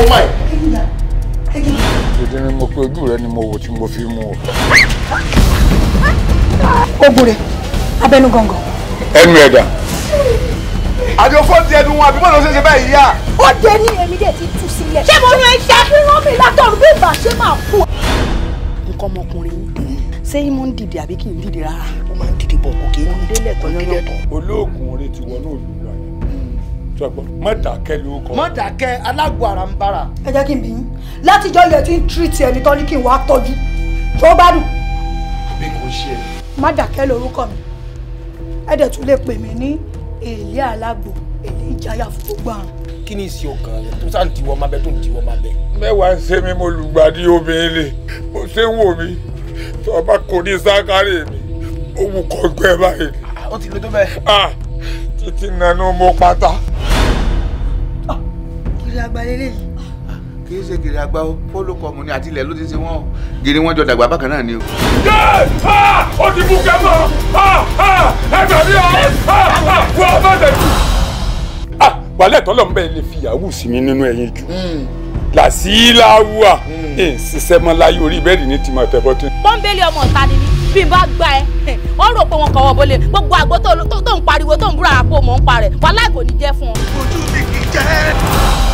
wo máì. Dèdè ni mo pe ojú rẹ ni mo wò tí mo fi mú o. Ogun rẹ̀, abẹnú gangan. Ẹnu ẹ̀dà. Àjọ fọ́ọ̀tì ẹnu wọn àbí bọ́ọ̀lù ṣe ṣe báyìí yá. Ó dé ní èmi dẹ̀ ti tú sílẹ̀. Ṣé mo ní ẹ ṣe àfihàn mi látọ̀run bí ìbá ṣe máa kú? Nǹkan ọmọkùnrin yìí, ṣé mo ń dìde àbí kì í dìde rárá? Ó máa ń dìde bọ̀ kò kí ń délẹ̀ tán yọ́yọ́. Olóògùn orin ti wọnú òlu sọgbọ́n má dákẹ́ lórúkọ. má dákẹ́ alágbó ara ń bára. ẹ jẹ́ kí n bí yín látijọ́ ilẹ̀ tí ń tírìtì ẹni tán ní kí n wá tọ́jú tó bá dùn. àbí kò ṣe é. má dákẹ́ lórúkọ mi ẹ dẹ̀ tún lè pè mí ní èlé alágbó èlé ìjáyà fún gbogbo àrùn. kí ni ìsìn ọkàn rẹ tó sáà ń diwọ́ máa bẹ tó ń diwọ́ máa bẹ. mẹ́wàá ń ṣe mi mo lùgbàdì obìnrin o bá kò ní sákárì mi ó wù kọ́ gbẹ báyìí. Ah, ó ti lo tó bẹ́ẹ̀. Ah, títí nanú mo pátá gèrè àgbà lélẹ́yìí. kì í ṣe gèrè àgbà o fọlọ́kọ̀mù ni àti ilẹ̀ ló ti ṣe wọ́n o gèrè wọn jọ dàgbà bákan náà ni o. yé ha ó ti bú kẹ́mọ́ ha ha ẹgbẹ́ mi ò ha ha wọ́n bá tẹ̀ jù. wàlẹ́ tọ́lọ̀ ń bẹ́ẹ̀ lè fi yahoo sí mi nínú ẹ̀yìn jù hmm. làṣìláwùà hmm. ẹ̀ ṣiṣẹ́ mọ́ láyé orí bẹ́ẹ̀dì ní tìmọ̀ tẹ́bọ́tì. pọ́ńbélé ọmọ ọ̀tá ni mí bí n bá gba ẹ wọ́n rò pé wọn kàn wọ́n bọ́lẹ̀ gbogbo àgbo tó ń pariwo tó ń búra àpò mọ̀ ń parẹ̀ wàhálà kò ní jẹ́ fún ọ. ojú mi kì í jẹ́.